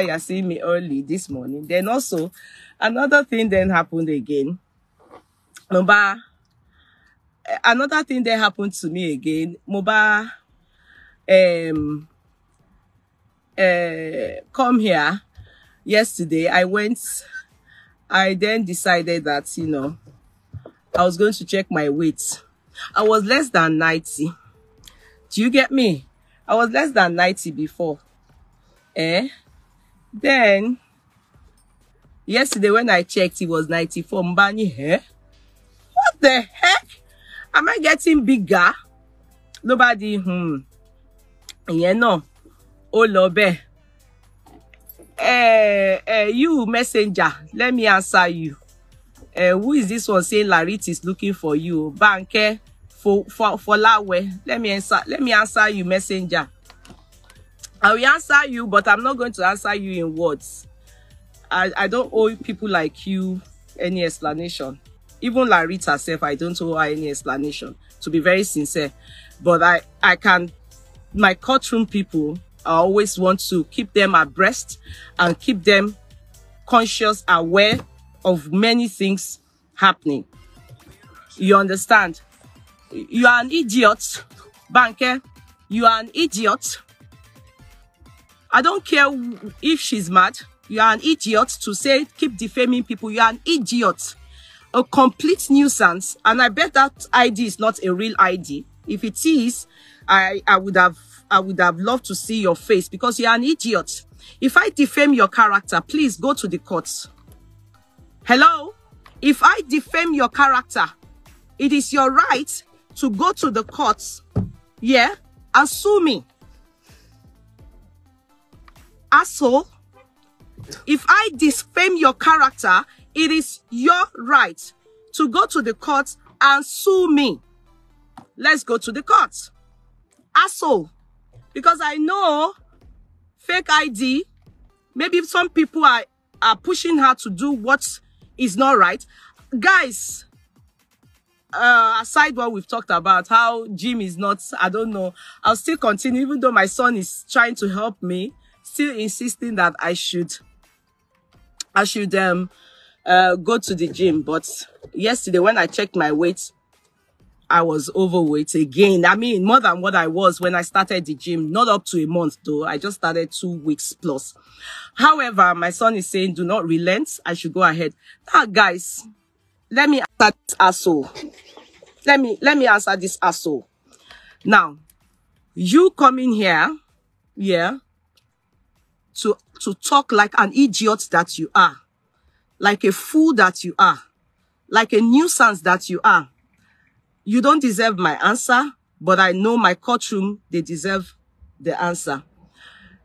you are seeing me early this morning. Then also, another thing then happened again. Number, another thing that happened to me again. Moba, um, uh, come here yesterday. I went, I then decided that, you know, I was going to check my weight. I was less than 90. Do you get me? I was less than 90 before. Eh? Then, yesterday when I checked, it was 94. Mbani, eh? What the heck? Am I getting bigger? Nobody, hmm. Yeah, no. Oh, Lobe. Uh, uh, you messenger, let me answer you. Uh, who is this one saying Larit is looking for you? Banker, for, for, for Lawe. Let me answer, let me answer you, messenger. I will answer you, but I'm not going to answer you in words. I, I don't owe people like you any explanation. Even Larita herself, I don't owe her any explanation, to be very sincere. But I, I can, my courtroom people, I always want to keep them abreast and keep them conscious, aware of many things happening. You understand? You are an idiot, banker. You are an idiot. I don't care if she's mad. You are an idiot to say, keep defaming people. You are an idiot. A complete nuisance. And I bet that ID is not a real ID. If it is, I, I would have I would have loved to see your face because you're an idiot. If I defame your character, please go to the courts. Hello? If I defame your character, it is your right to go to the courts, yeah, and sue me asshole. If I disfame your character, it is your right to go to the court and sue me. Let's go to the court. Asshole. Because I know fake ID, maybe some people are, are pushing her to do what is not right. Guys, uh, aside what we've talked about, how Jim is not, I don't know. I'll still continue, even though my son is trying to help me still insisting that I should, I should um, uh, go to the gym. But yesterday when I checked my weight, I was overweight again. I mean, more than what I was when I started the gym. Not up to a month though. I just started two weeks plus. However, my son is saying, do not relent. I should go ahead. Now, ah, guys, let me answer this asshole. Let me, let me answer this asshole. Now, you coming here, yeah, to, to talk like an idiot that you are, like a fool that you are, like a nuisance that you are. You don't deserve my answer, but I know my courtroom, they deserve the answer.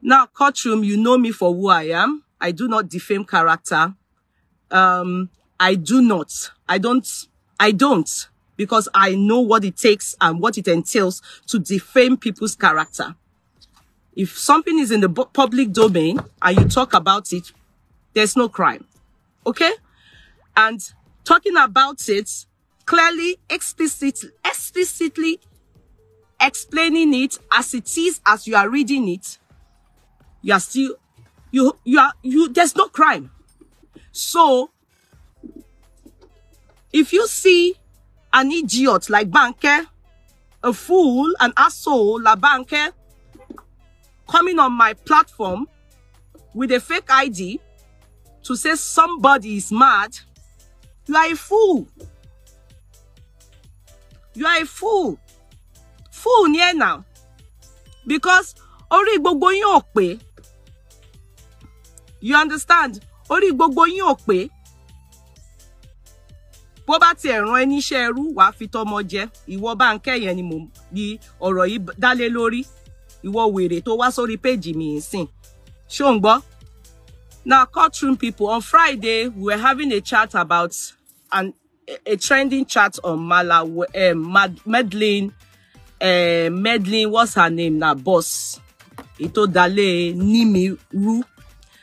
Now, courtroom, you know me for who I am. I do not defame character. Um, I do not. I don't. I don't because I know what it takes and what it entails to defame people's character. If something is in the public domain and you talk about it, there's no crime. Okay? And talking about it clearly, explicitly, explicitly explaining it as it is as you are reading it, you are still, you, you are, you, there's no crime. So, if you see an idiot like Banker, a fool, an asshole like Banker, coming on my platform with a fake ID to say somebody is mad, you are a fool. You are a fool. Fool near now. Because ori gbogbo yín ò pé. You understand? Ori gbogbo yín ò pé. Bó bá ti ẹ̀ràn ẹni iṣẹ́ ẹrú, wàá fi tọmọ jẹ. Ìwọ Bánkẹ́ yẹn ni mo ni ọ̀rọ̀ yìí dálé lórí ìwọ wèrè tó wá sórí péjì mi ìsìn show ń gbọ́. Now, courtroom people, on Friday, we were having a chat about an, a, trending chat on Mala, uh, Mad, Medlin, uh, eh, Medlin, what's her name now? Boss. Ito Dale Nimi Ru,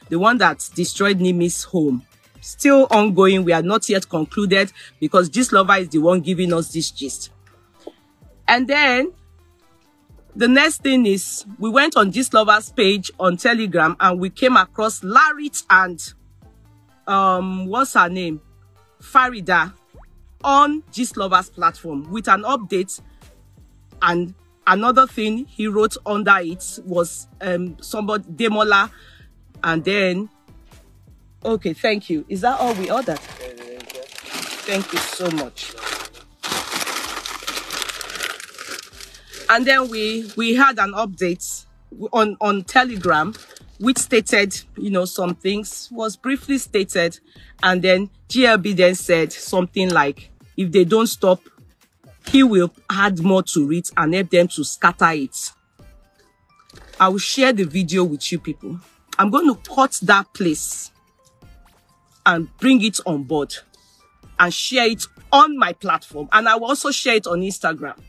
the one that destroyed Nimi's home. Still ongoing. We are not yet concluded because this lover is the one giving us this gist. And then The next thing is we went on this lover's page on Telegram and we came across Larit and um what's her name? Farida on this lover's platform with an update and another thing he wrote under it was um somebody Demola and then okay thank you is that all we ordered thank you so much And then we we had an update on on Telegram, which stated, you know, some things was briefly stated, and then GLB then said something like, if they don't stop, he will add more to it and help them to scatter it. I will share the video with you people. I'm going to cut that place and bring it on board and share it on my platform. And I will also share it on Instagram.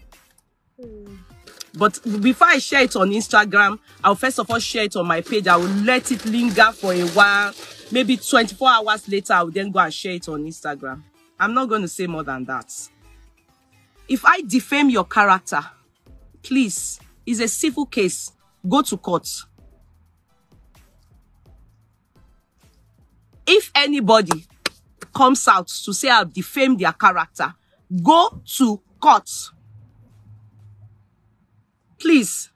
But before I share it on Instagram, I'll first of all share it on my page. I will let it linger for a while. Maybe 24 hours later, I will then go and share it on Instagram. I'm not going to say more than that. If I defame your character, please, it's a civil case. Go to court. If anybody comes out to say I've defamed their character, go to court please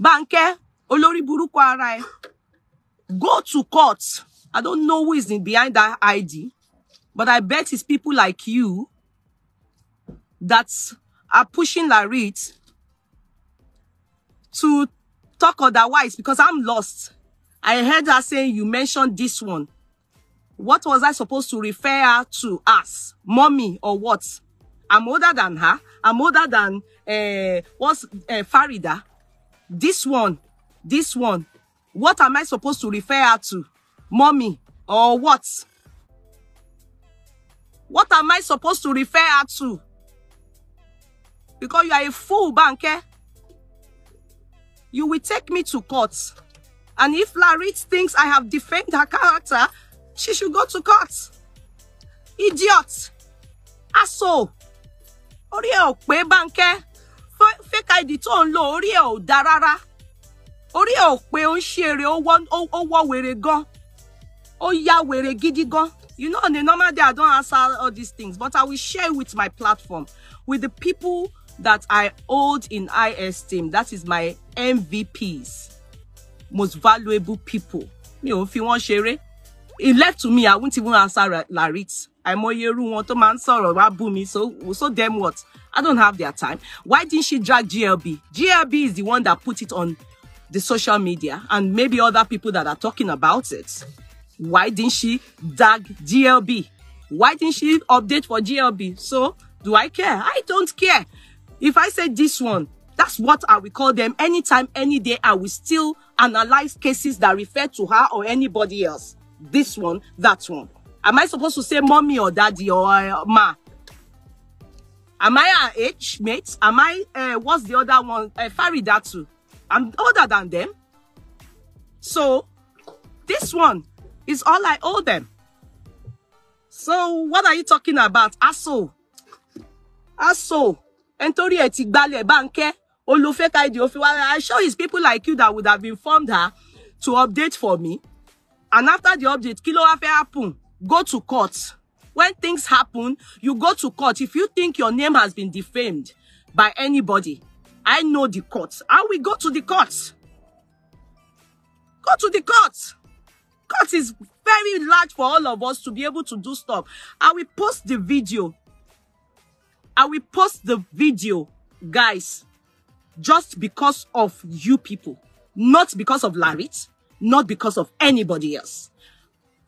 Banke Olori, burúkú ara go to court I don't know who is in behind that ID but I bet it's people like you that are pushing Larit to talk otherwise because I'm lost. I heard her saying you mentioned this one. What was I supposed to refer her to as? Mommy or what? I'm older than her. I'm older than uh, what's uh, Farida. This one, this one. What am I supposed to refer her to? Mommy or what? What am I supposed to refer her to? Because you are a fool, banker. You will take me to court. And if Larit thinks I have defamed her character, she should go to court. Idiot. Asshole orí ẹ̀ ò pé báńkẹ́ fake id tó ń lò orí ẹ̀ ò dá rárá orí ẹ̀ ò pé ó ń ṣeré ó wọ́ wèrè gan ó yá wèrè gidi gan you know on a normal day i don answer all these things but i will share with my platform with the people that i hold in high esteem that is my mvps most valuable people mi ò fi wọn ṣeré left to me i won't even answer larit I'm wọn tó máa ń sọ̀rọ̀ wá bú so so them what I don't have their time why didn't she drag GLB GLB is the one that put it on the social media and maybe other people that are talking about it why didn't she drag GLB why didn't she update for GLB so do I care I don't care if I say this one that's what I will call them anytime, any day. I will still analyze cases that refer to her or anybody else. This one, that one. Am I supposed to say mommy or daddy or uh, ma? Am I an age mate? Am I, uh, what's the other one? Uh, Farida too. I'm older than them. So, this one is all I owe them. So, what are you talking about? Aso. Aso. Entori eti gbale banke. Olufeka idi ofiwa. I sure it's people like you that would have informed her to update for me. And after the update, kilo ló wá fẹ́ happen. go to court. When things happen, you go to court. If you think your name has been defamed by anybody, I know the court. I will go to the court. Go to the court. Court is very large for all of us to be able to do stuff. I will post the video. I will post the video, guys, just because of you people. Not because of Larit, not because of anybody else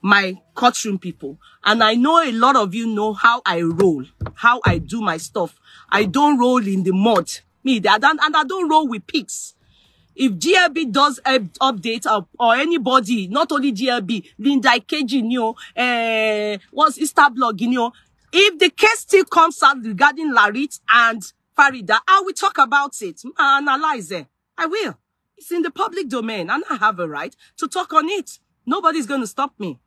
my courtroom people. And I know a lot of you know how I roll, how I do my stuff. I don't roll in the mud. Me, and I don't roll with pigs. If GLB does an eh, update or, uh, or, anybody, not only GLB, Linda KG, you know, uh, what's Insta blog, you know, if the case still comes out regarding Larit and Farida, I will talk about it, I analyze it. I will. It's in the public domain and I have a right to talk on it. Nobody's going to stop me.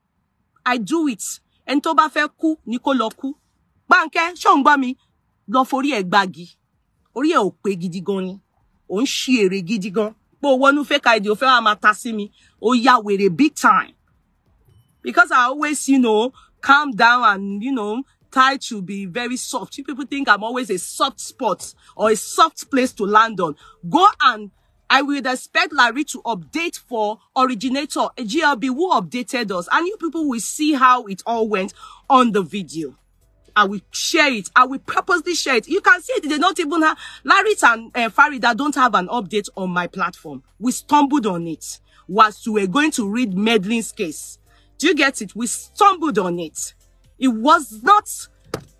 I do it ẹni tó bá fẹ́ kú ni kó lọ kú Bánkẹ́ ṣó ń gbọ́ mi lọ forí ẹ̀ gbági orí ẹ̀ ò pé gidi gan ni ò ń ṣe èrè gidi gan pé o wọnú fake ID ò fẹ́ wá máa ta sí mi ó ya wèrè big time because I always you know calm down and you know try to be very soft you people think I'm always a soft spot or a soft place to land on go and I would expect Larry to update for originator GLB who updated us and you people will see how it all went on the video. I will share it. I will purposely share it. You can see it. They don't even have, Larry and uh, Farida don't have an update on my platform. We stumbled on it. Whilst we were going to read Medlin's case. Do you get it? We stumbled on it. It was not,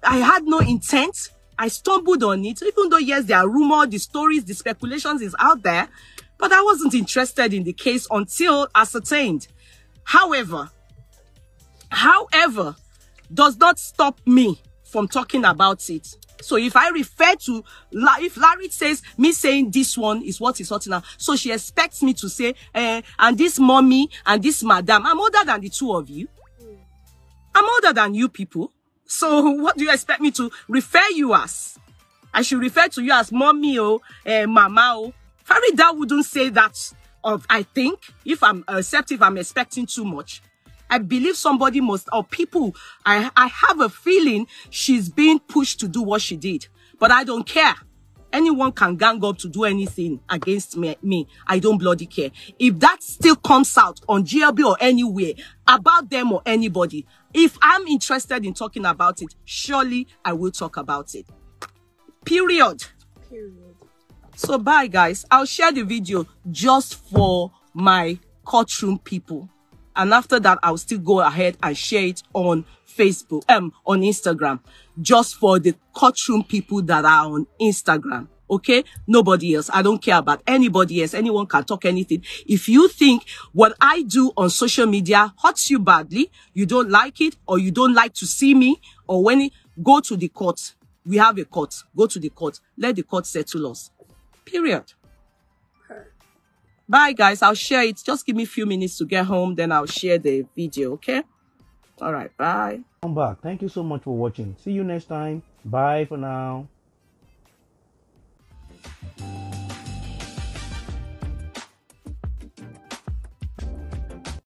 I had no intent I stumbled on it, even though, yes, there are rumors, the stories, the speculations is out there, but I wasn't interested in the case until ascertained. However, however, does not stop me from talking about it. So if I refer to, if Larry says me saying this one is what is hot now, so she expects me to say, eh, and this mommy and this madam, I'm older than the two of you. I'm older than you people. So what do you expect me to refer you as? I should refer to you as mommy or uh, eh, mama or Farida wouldn't say that of I think if I'm acceptive, uh, I'm expecting too much. I believe somebody must or people I, I have a feeling she's being pushed to do what she did. But I don't care. Anyone can gang up to do anything against me. me. I don't bloody care. If that still comes out on GLB or anywhere about them or anybody, if I'm interested in talking about it, surely I will talk about it. Period. Period. So bye guys. I'll share the video just for my courtroom people. And after that, I'll still go ahead and share it on Facebook, um, on Instagram, just for the courtroom people that are on Instagram okay nobody else i don't care about anybody else anyone can talk anything if you think what i do on social media hurts you badly you don't like it or you don't like to see me or when it, go to the court we have a court go to the court let the court settle us period bye guys i'll share it just give me a few minutes to get home then i'll share the video okay all right bye come back thank you so much for watching see you next time bye for now